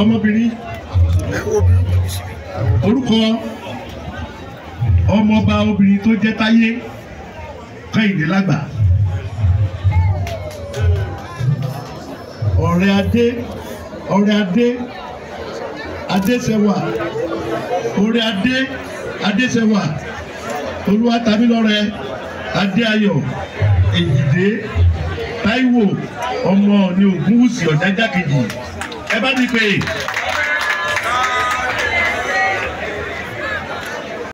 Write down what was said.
ọmọbìnrin orúkọ ọmọọba obìnrin tó jẹ́ táyé kẹ́hìndé lágbà ọ̀rẹ́ adé ọ̀rẹ́ adé adéṣẹwà ọ̀rẹ́ adé adéṣẹwà olúwatamílọ́rẹ adéayọ̀ èjìdé táíwò ọmọ ní ògúnwùsì ọ̀dájà kejì ẹ bá mi pè